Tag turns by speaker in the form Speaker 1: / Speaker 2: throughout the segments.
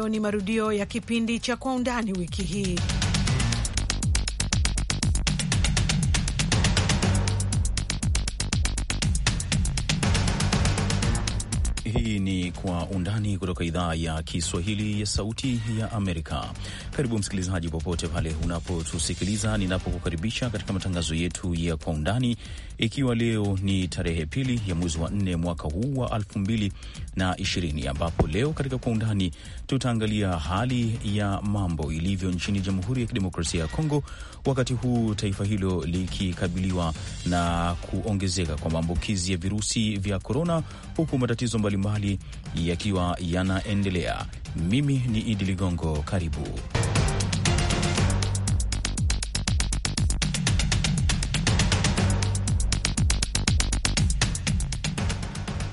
Speaker 1: Hayo ni marudio ya kipindi cha Kwa Undani wiki hii.
Speaker 2: kwa undani kutoka idhaa ya Kiswahili ya Sauti ya Amerika. Karibu msikilizaji, popote pale unapotusikiliza, ninapokukaribisha katika matangazo yetu ya kwa undani, ikiwa leo ni tarehe pili ya mwezi wa nne mwaka huu wa elfu mbili na ishirini, ambapo leo katika kwa undani tutaangalia hali ya mambo ilivyo nchini Jamhuri ya Kidemokrasia ya Kongo, wakati huu taifa hilo likikabiliwa na kuongezeka kwa maambukizi ya virusi vya korona, huku matatizo mbalimbali yakiwa yanaendelea. Mimi ni Idi Ligongo, karibu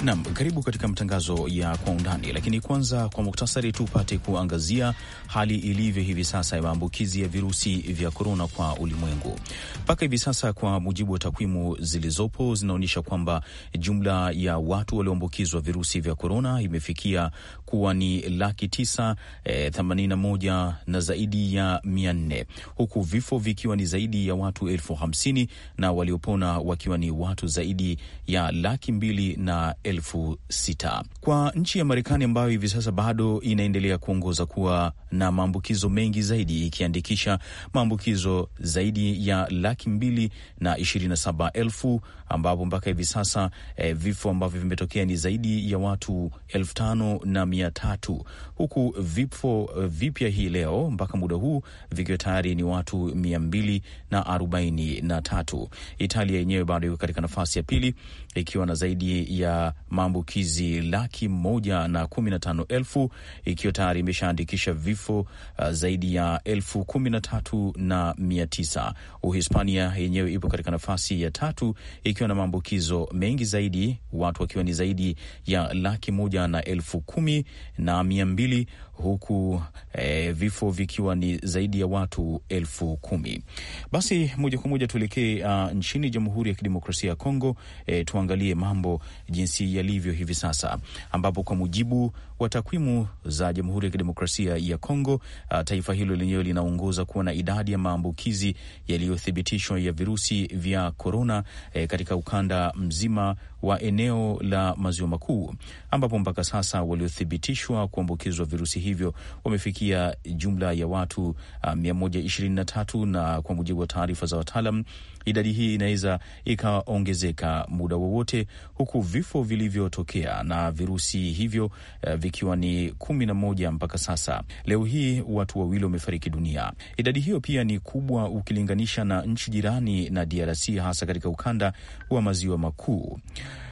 Speaker 2: Nam, karibu katika matangazo ya kwa undani, lakini kwanza kwa muktasari tupate kuangazia hali ilivyo hivi sasa ya maambukizi ya virusi vya korona kwa ulimwengu. Mpaka hivi sasa, kwa mujibu wa takwimu zilizopo, zinaonyesha kwamba jumla ya watu walioambukizwa virusi vya korona imefikia kuwa ni laki tisa e, themanini na moja na zaidi ya mia nne huku vifo vikiwa ni zaidi ya watu elfu hamsini na waliopona wakiwa ni watu zaidi ya laki mbili na elfu sita kwa nchi ya Marekani ambayo hivi sasa bado inaendelea kuongoza kuwa na maambukizo mengi zaidi ikiandikisha maambukizo zaidi ya laki mbili na ishirini na saba elfu ambapo mpaka hivi sasa e, vifo ambavyo vimetokea ni zaidi ya watu elfu tano na mia tatu huku vifo eh, vipya hii leo mpaka muda huu vikiwa tayari ni watu mia mbili na arobaini na tatu. Italia yenyewe bado iko katika nafasi ya pili ikiwa na zaidi ya maambukizi laki moja na kumi na tano elfu ikiwa tayari imeshaandikisha vifo uh, zaidi ya elfu kumi na tatu na mia tisa. Uhispania yenyewe ipo katika nafasi ya tatu zikiwa na maambukizo mengi zaidi, watu wakiwa ni zaidi ya laki moja na elfu kumi na mia mbili huku eh, vifo vikiwa ni zaidi ya watu elfu kumi. Basi moja kwa moja tuelekee uh, nchini Jamhuri ya Kidemokrasia ya Kongo, eh, tuangalie mambo jinsi yalivyo hivi sasa, ambapo kwa mujibu wa takwimu za Jamhuri ya Kidemokrasia ya Kongo, uh, taifa hilo lenyewe linaongoza kuwa na idadi ya maambukizi yaliyothibitishwa ya virusi vya korona eh, katika katika ukanda mzima wa eneo la maziwa makuu ambapo mpaka sasa waliothibitishwa kuambukizwa virusi hivyo wamefikia jumla ya watu uh, ah, 123 na kwa mujibu wa taarifa za wataalam, idadi hii inaweza ikaongezeka muda wowote, huku vifo vilivyotokea na virusi hivyo uh, vikiwa ni 11 mpaka sasa. Leo hii watu wawili wamefariki dunia. Idadi hiyo pia ni kubwa ukilinganisha na nchi jirani na DRC hasa katika ukanda wa maziwa makuu.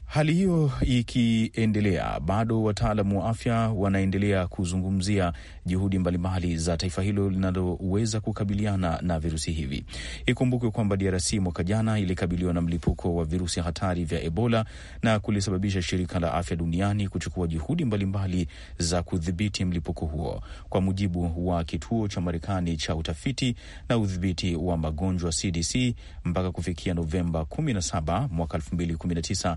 Speaker 2: Hali hiyo ikiendelea, bado wataalamu wa afya wanaendelea kuzungumzia juhudi mbalimbali za taifa hilo linaloweza kukabiliana na virusi hivi. Ikumbukwe kwamba DRC mwaka jana ilikabiliwa na mlipuko wa virusi hatari vya Ebola na kulisababisha shirika la afya duniani kuchukua juhudi mbalimbali za kudhibiti mlipuko huo. Kwa mujibu wa kituo cha Marekani cha utafiti na udhibiti wa magonjwa CDC, mpaka kufikia Novemba 17 mwaka 2019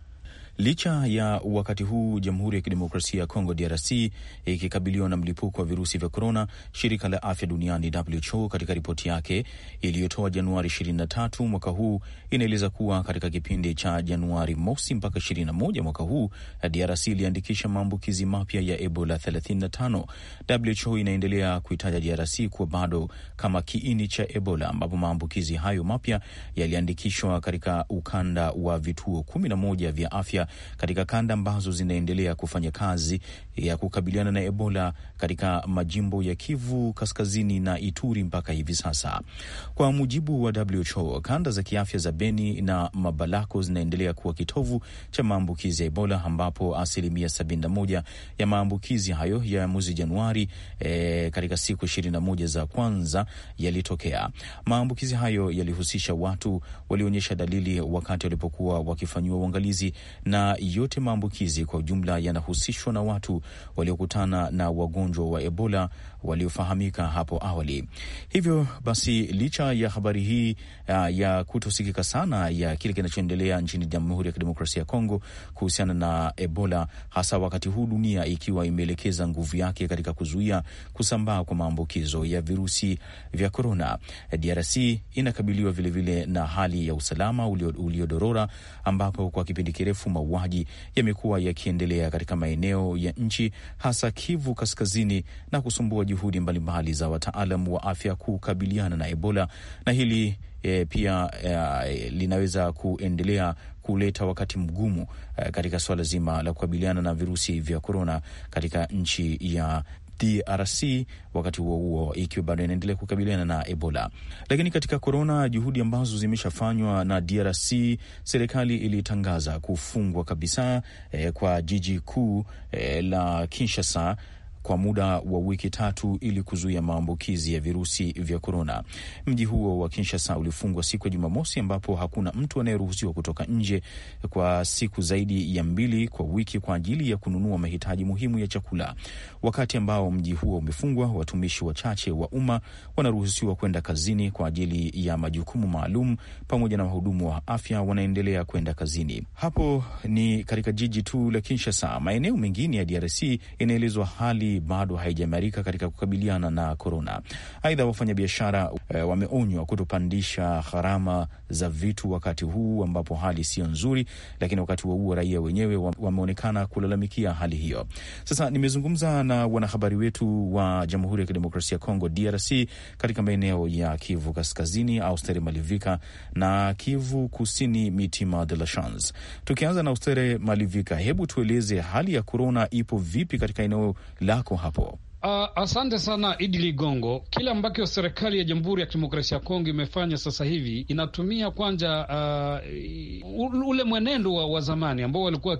Speaker 2: Licha ya wakati huu Jamhuri ya Kidemokrasia ya Kongo DRC ikikabiliwa na mlipuko wa virusi vya korona, shirika la afya duniani WHO katika ripoti yake iliyotoa Januari 23 mwaka huu inaeleza kuwa katika kipindi cha Januari mosi mpaka 21 mwaka huu DRC iliandikisha maambukizi mapya ya Ebola 35. WHO inaendelea kuitaja DRC kuwa bado kama kiini cha Ebola, ambapo maambukizi hayo mapya yaliandikishwa katika ukanda wa vituo 11 vya afya Ethiopia katika kanda ambazo zinaendelea kufanya kazi ya kukabiliana na Ebola katika majimbo ya Kivu Kaskazini na Ituri mpaka hivi sasa. Kwa mujibu wa WHO, kanda za kiafya za Beni na Mabalako zinaendelea kuwa kitovu cha maambukizi ya Ebola ambapo asilimia 71 ya maambukizi hayo ya mwezi Januari e, katika siku 21 za kwanza yalitokea. Maambukizi hayo yalihusisha watu walionyesha dalili wakati walipokuwa wakifanyiwa uangalizi na yote maambukizi kwa ujumla yanahusishwa na watu waliokutana na wagonjwa wa Ebola waliofahamika hapo awali. Hivyo basi, licha ya habari hii ya, uh, ya kutosikika sana ya kile kinachoendelea nchini Jamhuri ya Kidemokrasia ya Kongo kuhusiana na Ebola, hasa wakati huu dunia ikiwa imeelekeza nguvu yake katika kuzuia kusambaa kwa maambukizo ya virusi vya korona, DRC inakabiliwa vilevile na hali ya usalama uliodorora ulio, ambapo kwa kipindi kirefu mauaji yamekuwa yakiendelea katika maeneo ya nchi hasa Kivu Kaskazini na kusumbua juhudi mbalimbali za wataalam wa afya kukabiliana na Ebola na hili e, pia e, linaweza kuendelea kuleta wakati mgumu e, katika suala zima la kukabiliana na virusi vya korona katika nchi ya DRC wakati huo huo ikiwa bado inaendelea kukabiliana na Ebola. Lakini katika korona, juhudi ambazo zimeshafanywa na DRC, serikali ilitangaza kufungwa kabisa eh, kwa jiji kuu eh, la Kinshasa kwa muda wa wiki tatu ili kuzuia maambukizi ya virusi vya korona. Mji huo wa Kinshasa ulifungwa siku ya Jumamosi, ambapo hakuna mtu anayeruhusiwa kutoka nje kwa siku zaidi ya mbili kwa wiki kwa ajili ya kununua mahitaji muhimu ya chakula. Wakati ambao mji huo umefungwa, watumishi wachache wa umma wanaruhusiwa kwenda kazini kwa ajili ya majukumu maalum, pamoja na wahudumu wa afya wanaendelea kwenda kazini. Hapo ni katika jiji tu la Kinshasa. Maeneo mengine ya DRC inaelezwa hali hii bado haijaimarika katika kukabiliana na korona. Aidha, wafanyabiashara e, wameonywa kutopandisha gharama za vitu wakati huu ambapo hali siyo nzuri, lakini wakati wa huo raia wenyewe wameonekana kulalamikia hali hiyo. Sasa nimezungumza na wanahabari wetu wa Jamhuri ya Kidemokrasia ya Kongo, DRC, katika maeneo ya Kivu Kaskazini, Austere Malivika na Kivu Kusini, Mitima de la Chance. Tukianza na Austere Malivika, hebu tueleze hali ya korona ipo vipi katika eneo la lako hapo.
Speaker 3: Uh, asante sana Idi Ligongo. Kile ambacho serikali ya Jamhuri ya Kidemokrasia ya Kongo imefanya sasa hivi inatumia kwanza uh, ah, ule mwenendo wa, wa zamani ambao walikuwa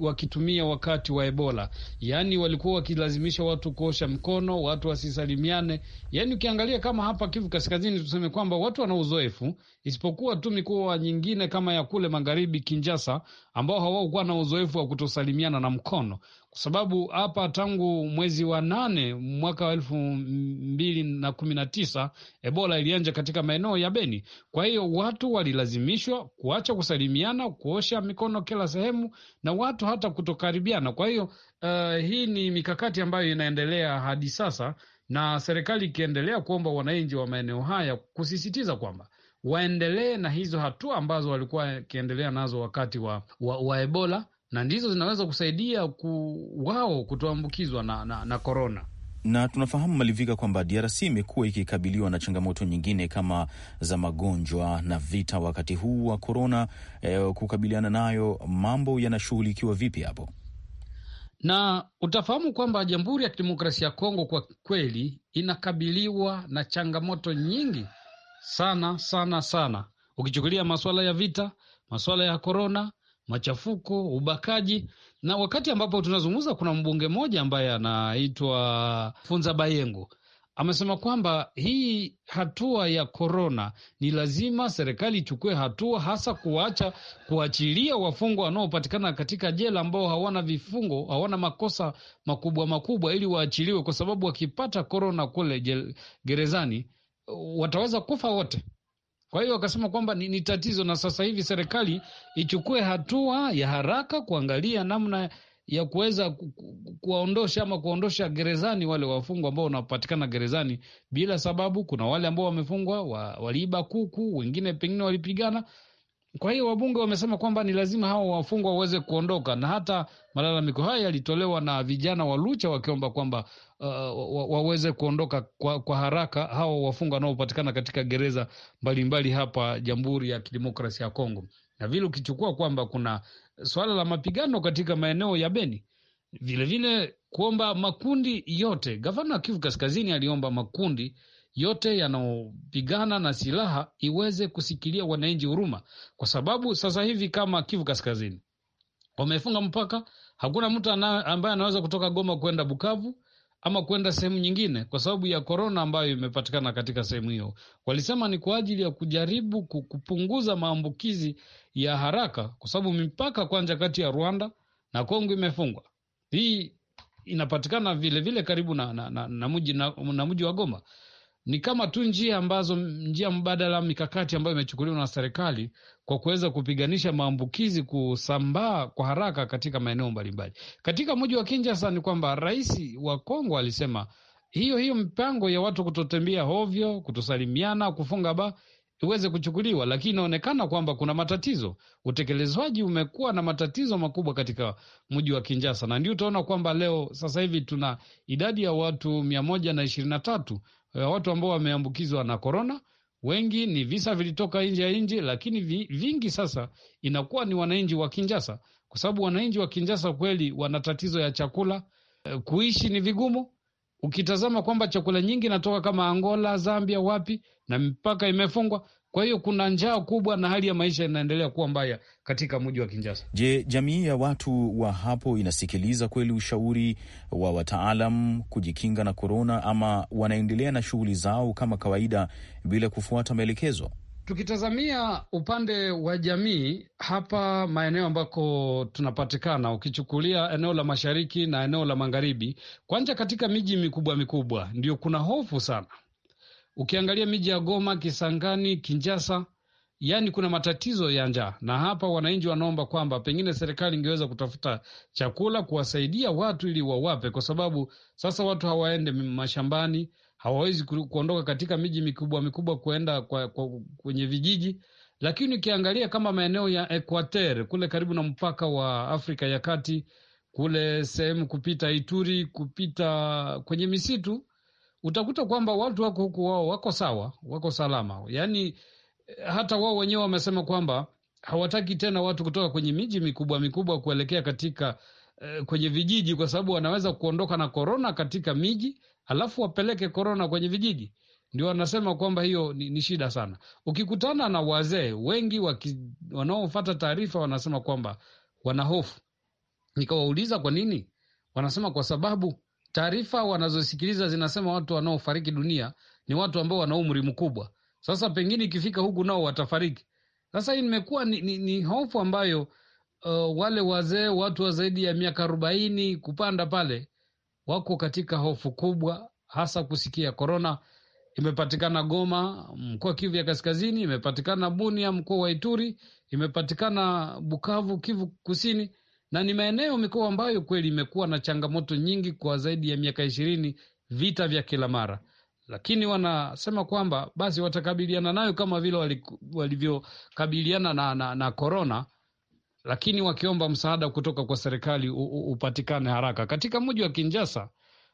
Speaker 3: wakitumia wakati wa Ebola, yaani walikuwa wakilazimisha watu kuosha mkono, watu wasisalimiane. Yaani ukiangalia kama hapa Kivu Kaskazini, tuseme kwamba watu wana uzoefu, isipokuwa tu mikoa nyingine kama ya kule magharibi, Kinjasa, ambao hawakuwa na uzoefu wa kutosalimiana na mkono kwa sababu hapa tangu mwezi wa nane mwaka wa elfu mbili na kumi na tisa Ebola ilianja katika maeneo ya Beni. Kwa hiyo watu walilazimishwa kuacha kusalimiana, kuosha mikono kila sehemu, na watu hata kutokaribiana. Kwa hiyo uh, hii ni mikakati ambayo inaendelea hadi sasa, na serikali ikiendelea kuomba wananchi wa maeneo haya kusisitiza kwamba waendelee na hizo hatua ambazo walikuwa wakiendelea nazo wakati wa, wa, wa Ebola na ndizo zinaweza kusaidia ku, wao kutoambukizwa na, na, na
Speaker 2: korona na tunafahamu malivika kwamba DRC imekuwa ikikabiliwa na changamoto nyingine kama za magonjwa na vita wakati huu wa korona. Eh, kukabiliana nayo mambo yanashughulikiwa vipi hapo?
Speaker 3: Na utafahamu kwamba Jamhuri ya Kidemokrasia ya Kongo kwa kweli inakabiliwa na changamoto nyingi sana sana sana, ukichukulia masuala ya vita, masuala ya korona, machafuko, ubakaji. Na wakati ambapo tunazungumza, kuna mbunge mmoja ambaye anaitwa Funza Bayengo amesema kwamba hii hatua ya korona ni lazima serikali ichukue hatua, hasa kuacha kuachilia wafungwa wanaopatikana katika jela ambao hawana vifungo, hawana makosa makubwa makubwa, ili waachiliwe, kwa sababu wakipata korona kule gerezani wataweza kufa wote. Kwa hiyo wakasema kwamba ni, ni tatizo na sasa hivi serikali ichukue hatua ya haraka kuangalia namna ya kuweza kuwaondosha ama kuondosha gerezani wale wafungwa ambao wanapatikana gerezani bila sababu. Kuna wale ambao wamefungwa wa, waliiba kuku, wengine pengine walipigana. Kwa hiyo wabunge wamesema kwamba ni lazima hao wafungwa waweze kuondoka, na hata malalamiko haya yalitolewa na vijana wa Lucha wakiomba kwamba uh, waweze kuondoka kwa, kwa haraka hawa wafungwa wanaopatikana katika gereza mbalimbali mbali hapa Jamhuri ya Kidemokrasia ya Kongo, na vile ukichukua kwamba kuna suala la mapigano katika maeneo ya Beni vilevile vile, kuomba makundi yote. Gavana wa Kivu Kaskazini aliomba makundi yote yanayopigana na silaha iweze kusikilia wananchi huruma, kwa sababu sasa hivi kama Kivu Kaskazini wamefunga mpaka, hakuna mtu ambaye anaweza kutoka Goma kwenda Bukavu, ama kwenda sehemu nyingine kwa sababu ya korona ambayo imepatikana katika sehemu hiyo. Walisema ni kwa ajili ya kujaribu kupunguza maambukizi ya haraka, kwa sababu mipaka kwanza kati ya Rwanda na Kongo imefungwa. Hii inapatikana vilevile vile karibu na, na, na, na, mji, na, na mji wa Goma. Ni kama tu njia ambazo njia mbadala, mikakati ambayo imechukuliwa na serikali kwa kuweza kupiganisha maambukizi kusambaa kwa haraka katika maeneo mbalimbali. Katika mji wa Kinshasa ni kwamba rais wa Kongo alisema hiyo hiyo mpango ya watu kutotembea hovyo, kutosalimiana, kufunga ba iweze kuchukuliwa, lakini inaonekana kwamba kuna matatizo. Utekelezwaji umekuwa na matatizo makubwa katika mji wa Kinjasa, na ndio utaona kwamba leo sasa hivi tuna idadi ya watu mia moja na ishirini na tatu eh, watu ambao wameambukizwa na korona Wengi ni visa vilitoka nje ya nje lakini vingi sasa inakuwa ni wananchi wa Kinjasa, kwa sababu wananchi wa Kinjasa kweli wana tatizo ya chakula, eh, kuishi ni vigumu. Ukitazama kwamba chakula nyingi inatoka kama Angola, Zambia, wapi na mipaka imefungwa. Kwa hiyo kuna njaa kubwa na hali ya maisha inaendelea kuwa mbaya katika mji wa Kinjasa.
Speaker 2: Je, jamii ya watu wa hapo inasikiliza kweli ushauri wa wataalam kujikinga na korona, ama wanaendelea na shughuli zao kama kawaida bila kufuata maelekezo?
Speaker 3: Tukitazamia upande wa jamii hapa maeneo ambako tunapatikana, ukichukulia eneo la mashariki na eneo la magharibi, kwanza katika miji mikubwa mikubwa, ndio kuna hofu sana Ukiangalia miji ya Goma, Kisangani, Kinjasa, yaani kuna matatizo ya njaa, na hapa wananchi wanaomba kwamba pengine serikali ingeweza kutafuta chakula kuwasaidia watu ili wawape, kwa sababu sasa watu hawaende mashambani, hawawezi kuondoka katika miji mikubwa mikubwa kuenda kwa, kwa, kwenye vijiji. Lakini ukiangalia kama maeneo ya Equateur kule karibu na mpaka wa Afrika ya Kati kule sehemu kupita Ituri kupita kwenye misitu utakuta kwamba watu wako huku wao wako sawa, wako salama. Yaani eh, hata wao wenyewe wamesema kwamba hawataki tena watu kutoka kwenye miji mikubwa mikubwa kuelekea katika eh, kwenye vijiji, kwa sababu wanaweza kuondoka na korona katika miji alafu wapeleke korona kwenye vijiji. Ndio wanasema kwamba hiyo ni, ni shida sana. Ukikutana na wazee wengi wanaofata taarifa wanasema kwamba wanahofu. Nikawauliza kwa nini, wanasema kwa sababu taarifa wanazosikiliza zinasema watu wanaofariki dunia ni watu ambao wana umri mkubwa. Sasa pengine ikifika huku nao watafariki. Sasa hii nimekuwa ni, ni, ni hofu ambayo uh, wale wazee, watu wa zaidi ya miaka arobaini kupanda pale wako katika hofu kubwa, hasa kusikia korona imepatikana Goma, mkoa Kivu ya Kaskazini, imepatikana Bunia, mkoa wa Ituri, imepatikana Bukavu, Kivu Kusini na ni maeneo mikoa ambayo kweli imekuwa na changamoto nyingi kwa zaidi ya miaka ishirini, vita vya kila mara, lakini wanasema kwamba basi watakabiliana nayo kama vile walivyokabiliana na, na, na korona lakini wakiomba msaada kutoka kwa serikali upatikane haraka. Katika mji wa Kinjasa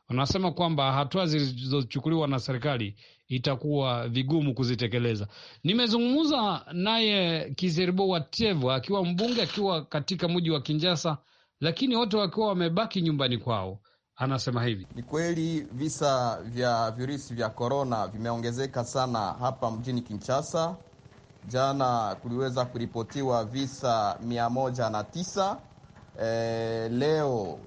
Speaker 3: wanasema kwamba hatua zilizochukuliwa na serikali itakuwa vigumu kuzitekeleza. Nimezungumza naye Kizeribo Watevwa akiwa mbunge, akiwa katika mji wa Kinjasa, lakini wote wakiwa wamebaki nyumbani kwao. Anasema hivi:
Speaker 4: ni kweli visa vya virusi vya korona vimeongezeka sana hapa mjini Kinshasa. Jana kuliweza kuripotiwa visa mia moja na tisa. E, leo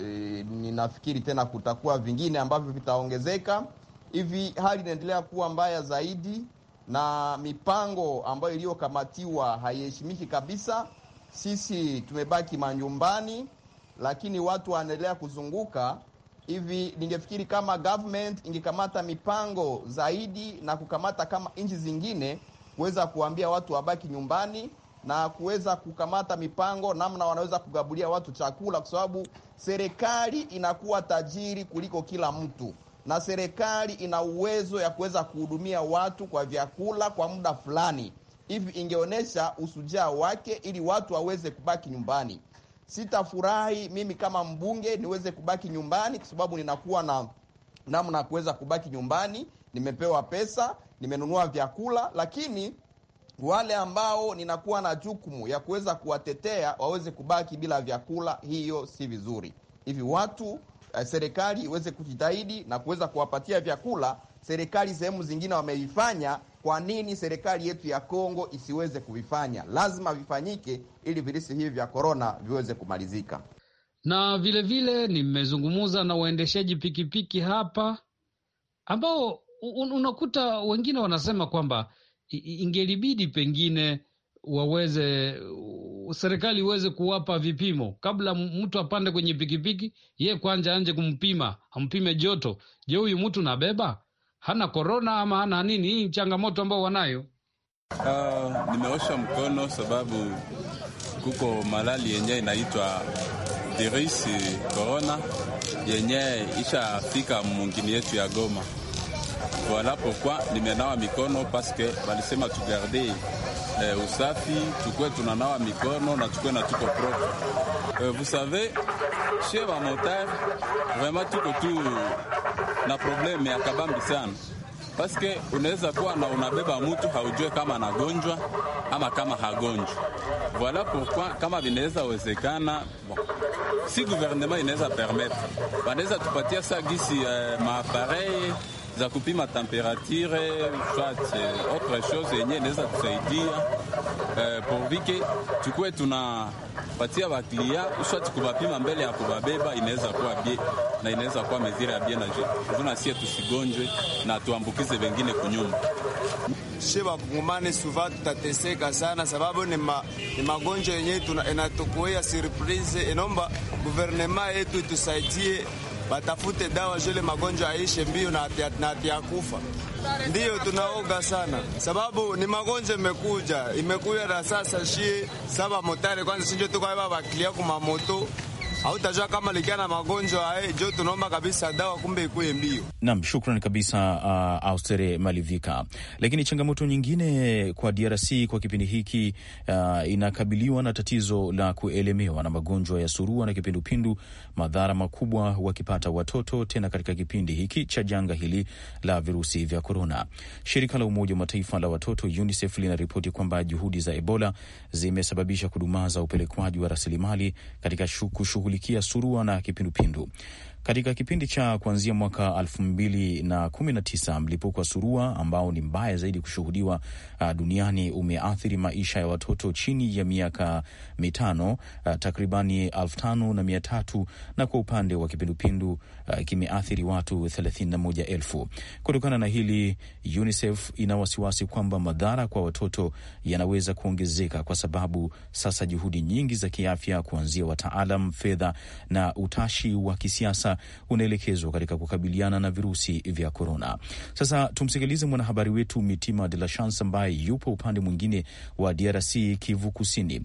Speaker 4: e, ninafikiri tena kutakuwa vingine ambavyo vitaongezeka hivi hali inaendelea kuwa mbaya zaidi, na mipango ambayo iliyokamatiwa haiheshimiki kabisa. Sisi tumebaki manyumbani, lakini watu wanaendelea kuzunguka. Hivi ningefikiri kama government ingekamata mipango zaidi na kukamata kama nchi zingine kuweza kuambia watu wabaki nyumbani na kuweza kukamata mipango namna wanaweza kugabulia watu chakula, kwa sababu serikali inakuwa tajiri kuliko kila mtu na serikali ina uwezo ya kuweza kuhudumia watu kwa vyakula kwa muda fulani hivi, ingeonyesha usujaa wake ili watu waweze kubaki nyumbani. Sitafurahi mimi kama mbunge niweze kubaki nyumbani, kwa sababu ninakuwa na namna ya kuweza kubaki nyumbani. Nimepewa pesa, nimenunua vyakula, lakini wale ambao ninakuwa na jukumu ya kuweza kuwatetea waweze kubaki bila vyakula, hiyo si vizuri. Hivi watu Eh, serikali iweze kujitahidi na kuweza kuwapatia vyakula. Serikali sehemu zingine wameifanya, kwa nini serikali yetu ya Kongo isiweze kuvifanya? Lazima vifanyike ili virusi hivi vya korona viweze kumalizika.
Speaker 3: Na vilevile nimezungumza na waendeshaji pikipiki hapa ambao unakuta wengine wanasema kwamba ingelibidi pengine waweze serikali iweze kuwapa vipimo kabla mtu apande kwenye pikipiki, ye kwanza anje kumpima, ampime joto. Je, huyu mtu nabeba hana korona ama hana nini? Hii changamoto ambao wanayo.
Speaker 4: Uh, nimeosha mkono sababu kuko malali yenyewe inaitwa virusi korona yenyewe
Speaker 5: ishafika
Speaker 4: mungini yetu ya Goma. Voilà pourquoi nimenawa mikono paske walisema tugarde eh, usafi, tukue tunanawa mikono na tukue na tuko
Speaker 2: propre. Eh, vous savez chez va motard vraiment tuko tu na probleme ya kabambi sana paske unaweza kuwa na unabeba mtu haujue kama anagonjwa ama kama hagonjwa. Voila pourquoi kama vinaweza wezekana, bon, si gouvernement inaweza permettre, wanaweza tupatia sa
Speaker 4: gisi eh, maapareil za kupima temperature soit euh, autre
Speaker 2: chose yenye inaweza kusaidia eh, porvike tukue tunapatia baklia soit kubapima mbele ya kubabeba, inaweza kuwa bie na inaweza kuwa mezira ya bie na juna sie tusigonjwe na tuambukize wengine kunyuma she
Speaker 4: bakungumane suva tutateseka sana, sababu ni magonjwa yenye inatokoea surprise. Enomba guvernema yetu itusaidie batafute dawa jele magonjwa aishe mbio na atia kufa. Ndiyo tunaoga sana, sababu ni magonjwa imekuja imekuya na sasa shie saba motare kwanza sinjo tukaiva bakilia kumamoto hautajua kama likiwa na magonjwa eh, jo tunaomba kabisa dawa kumbe ikule mbio.
Speaker 2: Naam, shukran kabisa uh, Austere Malivika. Lakini changamoto nyingine kwa DRC kwa kipindi hiki uh, inakabiliwa na tatizo la kuelemewa na magonjwa ya surua na kipindupindu, madhara makubwa wakipata watoto, tena katika kipindi hiki cha janga hili la virusi vya korona. Shirika la Umoja wa Mataifa la watoto UNICEF linaripoti kwamba juhudi za Ebola zimesababisha kudumaza upelekwaji wa rasilimali katika kushughuli kushughulikia surua na kipindupindu katika kipindi cha kuanzia mwaka 219 mbili mlipuko wa surua ambao ni mbaya zaidi kushuhudiwa uh, duniani umeathiri maisha ya watoto chini ya miaka mitano uh, takribani 5 na mia tatu na kwa upande wa kipindupindu uh, kimeathiri watu thelathini Kutokana na hili, UNICEF ina wasiwasi kwamba madhara kwa watoto yanaweza kuongezeka kwa sababu sasa juhudi nyingi za kiafya kuanzia wataalam, fedha na utashi wa kisiasa unaelekezwa katika kukabiliana na virusi vya korona. Sasa tumsikilize mwanahabari wetu Mitima De La Chance ambaye yupo upande mwingine wa DRC, Kivu Kusini.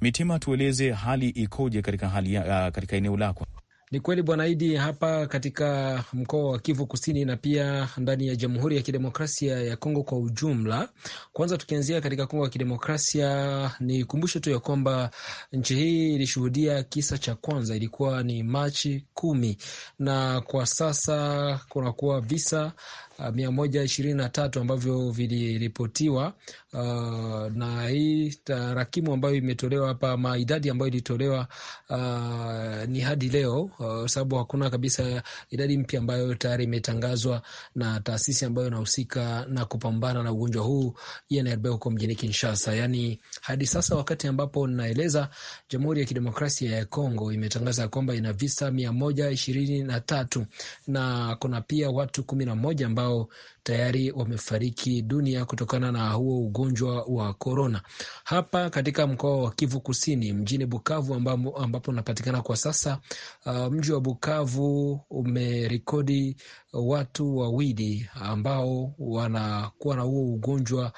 Speaker 2: Mitima, tueleze hali ikoje katika hali, uh, katika eneo lako?
Speaker 6: Ni kweli Bwana Idi, hapa katika mkoa wa Kivu Kusini na pia ndani ya Jamhuri ya Kidemokrasia ya Kongo kwa ujumla. Kwanza tukianzia katika Kongo ya Kidemokrasia, ni kumbushe tu ya kwamba nchi hii ilishuhudia kisa cha kwanza, ilikuwa ni Machi kumi, na kwa sasa kunakuwa visa 123 uh, ambavyo viliripotiwa. Uh, na hii tarakimu ambayo imetolewa hapa ama idadi ambayo ilitolewa uh, ni hadi leo uh, sababu hakuna kabisa idadi mpya ambayo tayari imetangazwa na taasisi ambayo inahusika na kupambana na ugonjwa huu INRB huko mjini Kinshasa. Yani hadi sasa wakati ambapo naeleza, Jamhuri ya Kidemokrasia ya Kongo imetangaza kwamba ina visa 123 na kuna pia watu 11 ambao ambao tayari wamefariki dunia kutokana na huo ugonjwa wa korona. Hapa katika mkoa wa Kivu Kusini, mjini Bukavu ambapo, ambapo napatikana kwa sasa, uh, mji wa Bukavu umerekodi watu wawili ambao wanakuwa na huo ugonjwa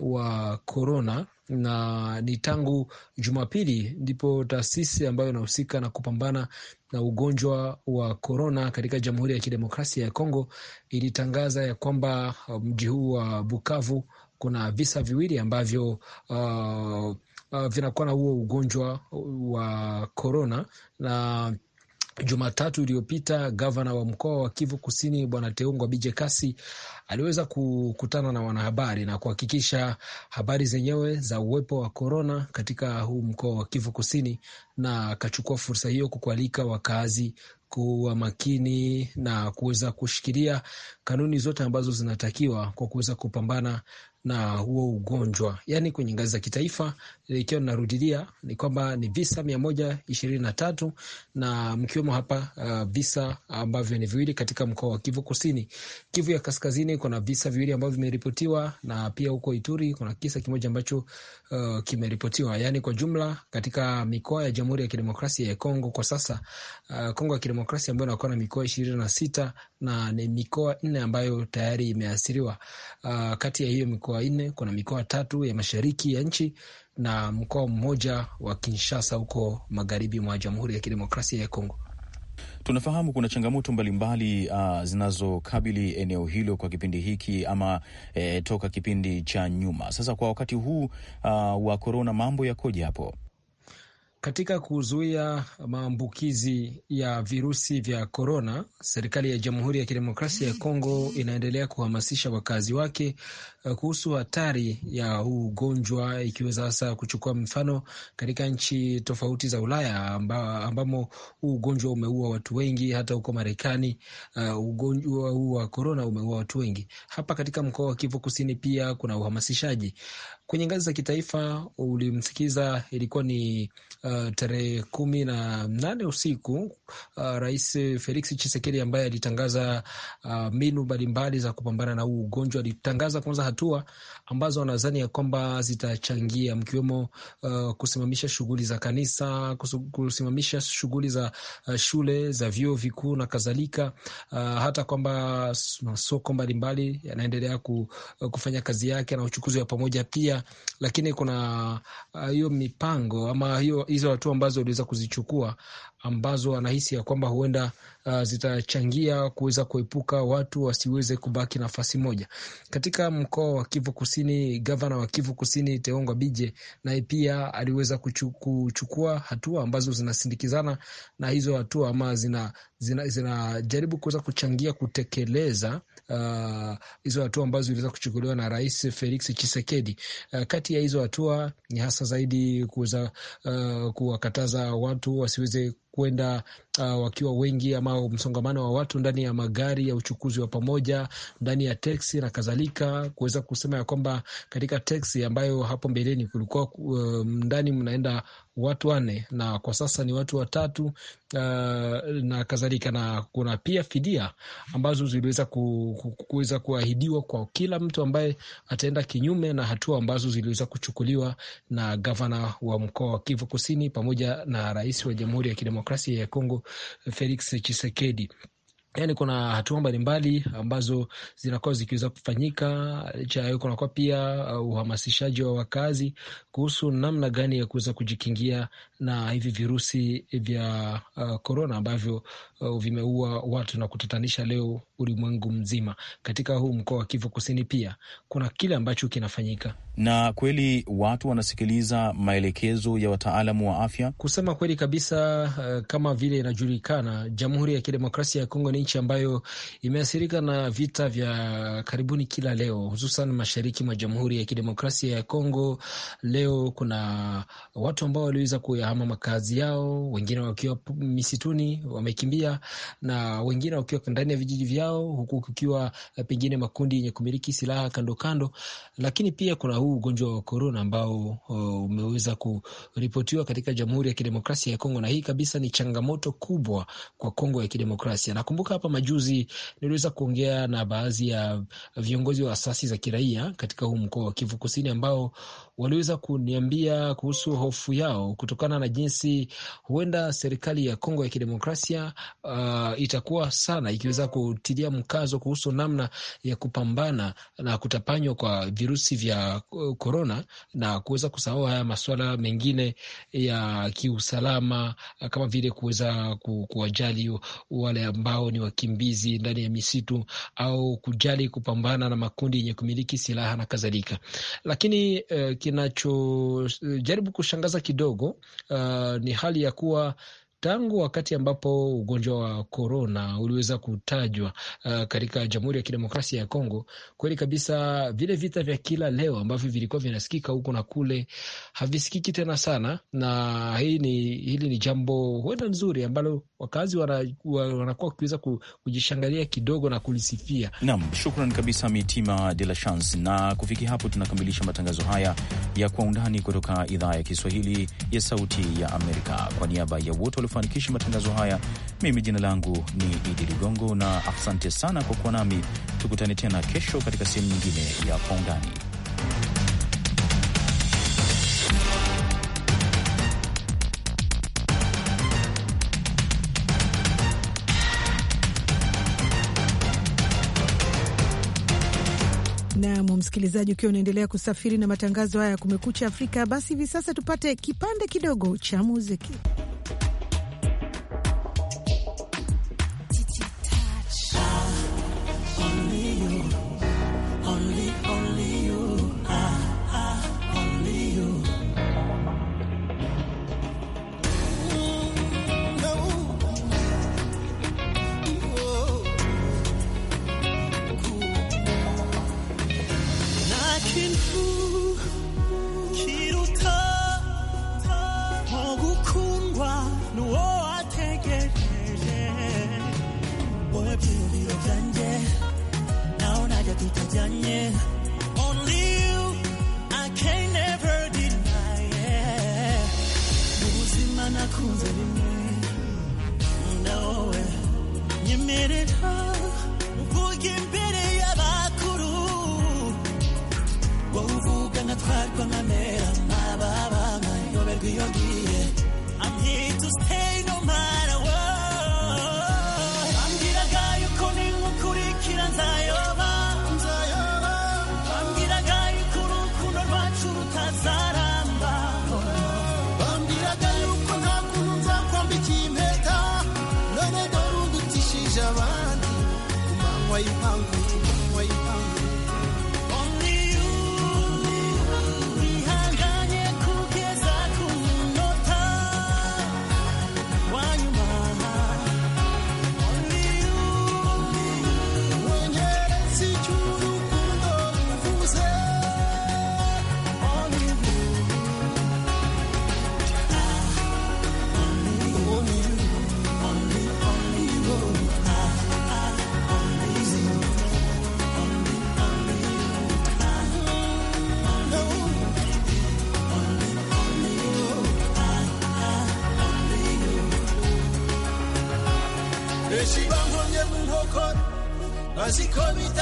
Speaker 6: wa korona na ni tangu Jumapili ndipo taasisi ambayo inahusika na kupambana na ugonjwa wa korona katika Jamhuri ya Kidemokrasia ya Kongo ilitangaza ya kwamba uh, mji huu wa Bukavu kuna visa viwili ambavyo uh, uh, vinakuwa na huo ugonjwa wa korona na Jumatatu iliyopita gavana wa mkoa wa Kivu Kusini Bwana Teungwa Bije Kasi aliweza kukutana na wanahabari na kuhakikisha habari zenyewe za uwepo wa korona katika huu mkoa wa Kivu Kusini, na akachukua fursa hiyo kukualika wakazi kuwa makini na kuweza kushikilia kanuni zote ambazo zinatakiwa kwa kuweza kupambana na huo ugonjwa, yaani kwenye ngazi za kitaifa. Ikiwa narudilia ni kwamba ni visa mia moja ishirini na tatu na mkiwemo hapa uh, visa ambavyo ni viwili katika mkoa wa Kivu Kusini. Kivu ya Kaskazini kuna visa viwili ambavyo vimeripotiwa, na pia huko Ituri kuna kisa kimoja ambacho uh, kimeripotiwa. Yaani kwa jumla katika mikoa ya Jamhuri ya Kidemokrasia ya Kongo kwa sasa uh, Kongo ya Kidemokrasia ambayo inakuwa na mikoa ishirini na sita na ni mikoa nne ambayo tayari imeathiriwa uh, kati ya hiyo mikoa mikoa nne, kuna mikoa tatu ya mashariki ya nchi na mkoa mmoja wa Kinshasa huko magharibi mwa Jamhuri ya Kidemokrasia ya Kongo.
Speaker 2: Tunafahamu kuna changamoto mbalimbali uh, zinazokabili eneo hilo kwa kipindi hiki ama eh, toka kipindi cha nyuma. Sasa kwa wakati huu uh, wa korona, mambo yakoje hapo? Katika
Speaker 6: kuzuia maambukizi ya virusi vya korona, serikali ya Jamhuri ya Kidemokrasia ya Kongo inaendelea kuhamasisha wakazi wake eh, kuhusu hatari ya huu ugonjwa, ikiwa hasa kuchukua mfano katika nchi tofauti za Ulaya amba, ambamo huu ugonjwa umeua watu wengi. Hata huko Marekani uh, ugonjwa huu wa korona umeua watu wengi. Hapa katika mkoa wa Kivu Kusini pia kuna uhamasishaji Kwenye ngazi za kitaifa ulimsikiza, ilikuwa ni uh, tarehe kumi na nane usiku uh, Rais Felix chisekedi ambaye alitangaza uh, mbinu mbalimbali za kupambana na huu ugonjwa. Alitangaza kwanza hatua ambazo anadhani ya kwamba zitachangia, mkiwemo uh, kusimamisha shughuli za kanisa, kusimamisha shughuli za uh, shule za vyuo vikuu na kadhalika, uh, hata kwamba masoko mbalimbali yanaendelea uh, kufanya kazi yake na uchukuzi wa pamoja pia lakini kuna ah, hiyo uh, mipango ama hiyo hizo hatua ambazo uliweza kuzichukua ambazo anahisi ya kwamba huenda uh, zitachangia kuweza kuepuka watu wasiweze kubaki nafasi moja. Katika mkoa wa Kivu Kusini, gavana wa Kivu Kusini Teongwa Bije naye pia aliweza kuchu, kuchukua hatua ambazo zinasindikizana na hizo hatua ama zina zinajaribu zina kuweza kuchangia kutekeleza uh, hizo hatua ambazo ziliweza kuchukuliwa na Rais Felix Tshisekedi. Uh, kati ya hizo hatua ni hasa zaidi kuweza uh, kuwakataza watu wasiweze kwenda uh, wakiwa wengi ama msongamano wa watu ndani ya magari ya uchukuzi wa pamoja, ndani ya teksi na kadhalika, kuweza kusema ya kwamba katika teksi ambayo hapo mbeleni kulikuwa uh, ndani mnaenda watu wanne na kwa sasa ni watu watatu uh, na kadhalika, na kuna pia fidia ambazo ziliweza kuweza kuahidiwa kwa kila mtu ambaye ataenda kinyume na hatua ambazo ziliweza kuchukuliwa na gavana wa mkoa wa Kivu Kusini pamoja na rais wa Jamhuri ya Kidemokrasia ya Kongo Felix Tshisekedi. Yani kuna hatua mbalimbali ambazo zinakuwa zikiweza kufanyika. Licha ya hayo, kunakuwa pia uh, uhamasishaji wa wakazi kuhusu namna gani ya kuweza kujikingia na hivi virusi vya korona uh, ambavyo uh, vimeua watu na kutatanisha leo ulimwengu mzima. Katika huu mkoa wa Kivu Kusini pia kuna kile ambacho kinafanyika,
Speaker 2: na kweli watu wanasikiliza maelekezo ya wataalamu wa afya. Kusema
Speaker 6: kweli kabisa, uh, kama vile inajulikana, Jamhuri ya Kidemokrasia ya Kongo ni nchi ambayo imeathirika na vita vya karibuni kila leo, hususan mashariki mwa Jamhuri ya Kidemokrasia ya Kongo. Leo kuna watu ambao waliweza kuyahama makazi yao, wengine wakiwa misituni wamekimbia, na wengine wakiwa ndani ya vijiji vyao, huku kukiwa pengine makundi yenye kumiliki silaha kando kando. Lakini pia kuna huu ugonjwa wa korona ambao umeweza kuripotiwa katika Jamhuri ya Kidemokrasia ya Kongo, na hii kabisa ni changamoto kubwa kwa Kongo ya Kidemokrasia. Nakumbuka nakumbuka hapa majuzi niliweza kuongea na baadhi ya viongozi wa asasi za kiraia katika huu mkoa wa Kivu Kusini ambao waliweza kuniambia kuhusu hofu yao kutokana na jinsi huenda serikali ya Kongo ya Kidemokrasia uh, itakuwa sana ikiweza kutilia mkazo kuhusu namna ya kupambana na kutapanywa kwa virusi vya korona uh, na kuweza kusahau haya masuala mengine ya kiusalama uh, kama vile kuweza kuwajali wale ambao ni wakimbizi ndani ya misitu au kujali kupambana na makundi yenye kumiliki silaha na kadhalika. Lakini uh, kinachojaribu kushangaza kidogo uh, ni hali ya kuwa tangu wakati ambapo ugonjwa wa korona uliweza kutajwa uh, katika Jamhuri ya Kidemokrasia ya Kongo, kweli kabisa vile vita vya kila leo ambavyo vilikuwa vinasikika huko na kule havisikiki tena sana, na hii ni, hili ni jambo huenda nzuri ambalo wakazi wanakuwa wana wakiweza kujishangalia kidogo na kulisifia.
Speaker 2: Naam, shukran kabisa Mitima de la Chance, na kufikia hapo tunakamilisha matangazo haya ya kwa undani kutoka idhaa ya Kiswahili ya Sauti ya Amerika kwa niaba ya wote kufanikisha matangazo haya. Mimi jina langu ni Idi Ligongo na asante sana kwa kuwa nami. Tukutane tena kesho katika sehemu nyingine ya Kwa Undani.
Speaker 1: Nam msikilizaji, ukiwa unaendelea kusafiri na matangazo haya ya Kumekucha Afrika, basi hivi sasa tupate kipande kidogo cha muziki.
Speaker 5: 迷茫。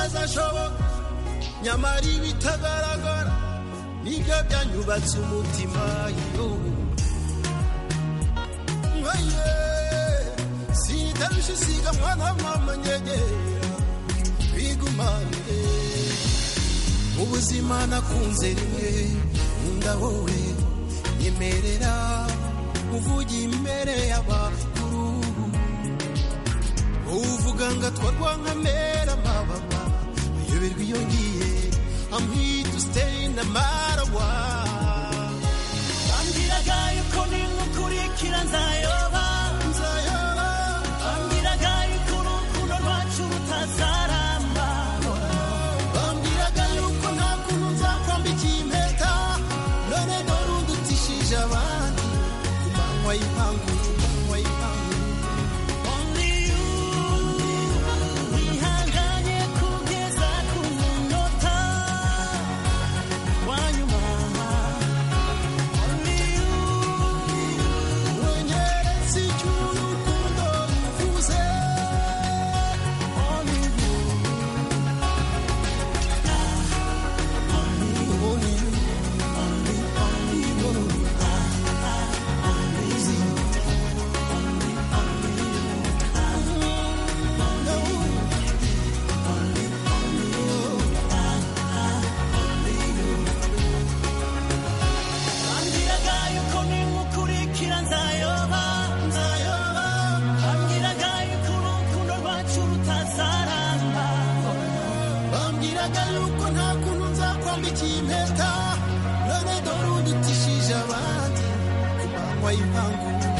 Speaker 5: bitazashoboka nyamara ibitagaragara nibyo byanyubatse umutima y'igihugu sitarusha isiga mwana mama nyegera bigumanire mu nakunze rimwe nkunda wowe nyemerera uvuga imbere y'abakuru uvuga ngo atwarwa nka mera mababa I'm here to stay no matter what ambwiraga yuko ninkukurikira
Speaker 1: nzayo
Speaker 5: moyo